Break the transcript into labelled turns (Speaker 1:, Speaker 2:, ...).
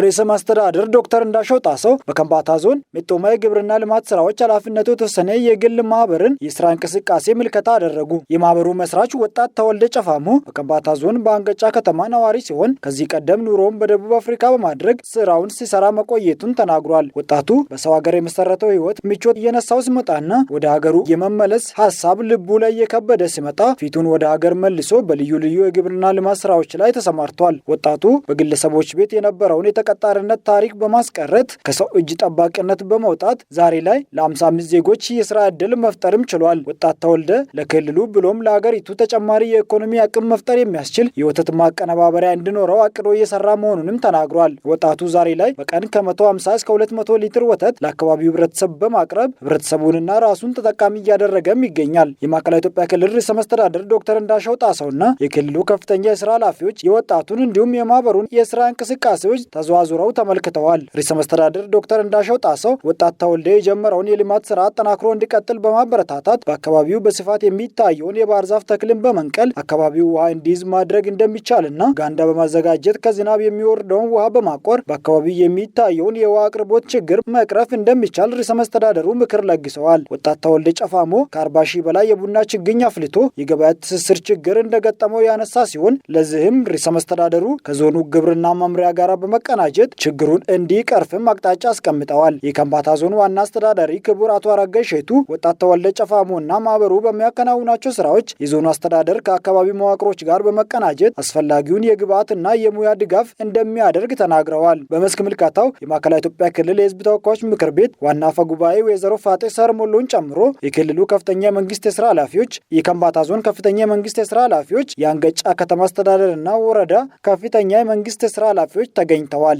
Speaker 1: ርዕሰ መስተዳድር ዶክተር እንዳሻው ጣሰው በከምባታ ዞን ሜጦማ የግብርና ልማት ስራዎች ኃላፊነቱ የተወሰነ የግል ማህበርን የስራ እንቅስቃሴ ምልከታ አደረጉ። የማህበሩ መስራች ወጣት ተወልደ ጨፋሙ በከምባታ ዞን በአንገጫ ከተማ ነዋሪ ሲሆን ከዚህ ቀደም ኑሮውን በደቡብ አፍሪካ በማድረግ ስራውን ሲሰራ መቆየቱን ተናግሯል። ወጣቱ በሰው ሀገር የመሰረተው ህይወት ምቾት እየነሳው ሲመጣና ወደ ሀገሩ የመመለስ ሀሳብ ልቡ ላይ እየከበደ ሲመጣ ፊቱን ወደ ሀገር መልሶ በልዩ ልዩ የግብርና ልማት ስራዎች ላይ ተሰማርቷል። ወጣቱ በግለሰቦች ቤት የነበረውን ተቀጣሪነት ታሪክ በማስቀረት ከሰው እጅ ጠባቂነት በመውጣት ዛሬ ላይ ለ55 ዜጎች የስራ ዕድል መፍጠርም ችሏል። ወጣት ተወልደ ለክልሉ ብሎም ለአገሪቱ ተጨማሪ የኢኮኖሚ አቅም መፍጠር የሚያስችል የወተት ማቀነባበሪያ እንዲኖረው አቅዶ እየሰራ መሆኑንም ተናግሯል። ወጣቱ ዛሬ ላይ በቀን ከ150 እስከ 200 ሊትር ወተት ለአካባቢው ህብረተሰብ በማቅረብ ህብረተሰቡንና ራሱን ተጠቃሚ እያደረገም ይገኛል። የማዕከላዊ ኢትዮጵያ ክልል ርዕሰ መስተዳደር ዶክተር እንዳሻው ጣሰውና የክልሉ ከፍተኛ የስራ ኃላፊዎች የወጣቱን እንዲሁም የማህበሩን የስራ እንቅስቃሴዎች ተዘ አዙረው ተመልክተዋል። ርዕሰ መስተዳድር ዶክተር እንዳሸው ጣሰው ወጣት ተወልደ የጀመረውን የልማት ስራ አጠናክሮ እንዲቀጥል በማበረታታት በአካባቢው በስፋት የሚታየውን የባህር ዛፍ ተክልን በመንቀል አካባቢው ውሃ እንዲይዝ ማድረግ እንደሚቻልና ጋንዳ በማዘጋጀት ከዝናብ የሚወርደውን ውሃ በማቆር በአካባቢው የሚታየውን የውሃ አቅርቦት ችግር መቅረፍ እንደሚቻል ርዕሰ መስተዳደሩ ምክር ለግሰዋል። ወጣት ተወልደ ጨፋሞ ከአርባ ሺህ በላይ የቡና ችግኝ አፍልቶ የገበያ ትስስር ችግር እንደገጠመው ያነሳ ሲሆን ለዚህም ርዕሰ መስተዳደሩ ከዞኑ ግብርና መምሪያ ጋር በመቀናል በማቀናጀት ችግሩን እንዲቀርፍም አቅጣጫ አስቀምጠዋል። የከምባታ ዞን ዋና አስተዳዳሪ ክቡር አቶ አረጋይ ሼቱ ወጣት ተወልደ ጨፋሞና ማህበሩ በሚያከናውናቸው ስራዎች የዞኑ አስተዳደር ከአካባቢ መዋቅሮች ጋር በመቀናጀት አስፈላጊውን እና የሙያ ድጋፍ እንደሚያደርግ ተናግረዋል። በመስክ ምልከታው የማዕከላዊ ኢትዮጵያ ክልል የህዝብ ተወካዮች ምክር ቤት ዋና አፈ ጉባኤ ወይዘሮ ፋጤ ሰርሞሎን ጨምሮ የክልሉ ከፍተኛ የመንግስት የስራ ኃላፊዎች፣ የከምባታ ዞን ከፍተኛ የመንግስት የስራ ኃላፊዎች፣ የአንገጫ ከተማ አስተዳደርና ወረዳ ከፍተኛ የመንግስት የስራ ኃላፊዎች ተገኝተዋል።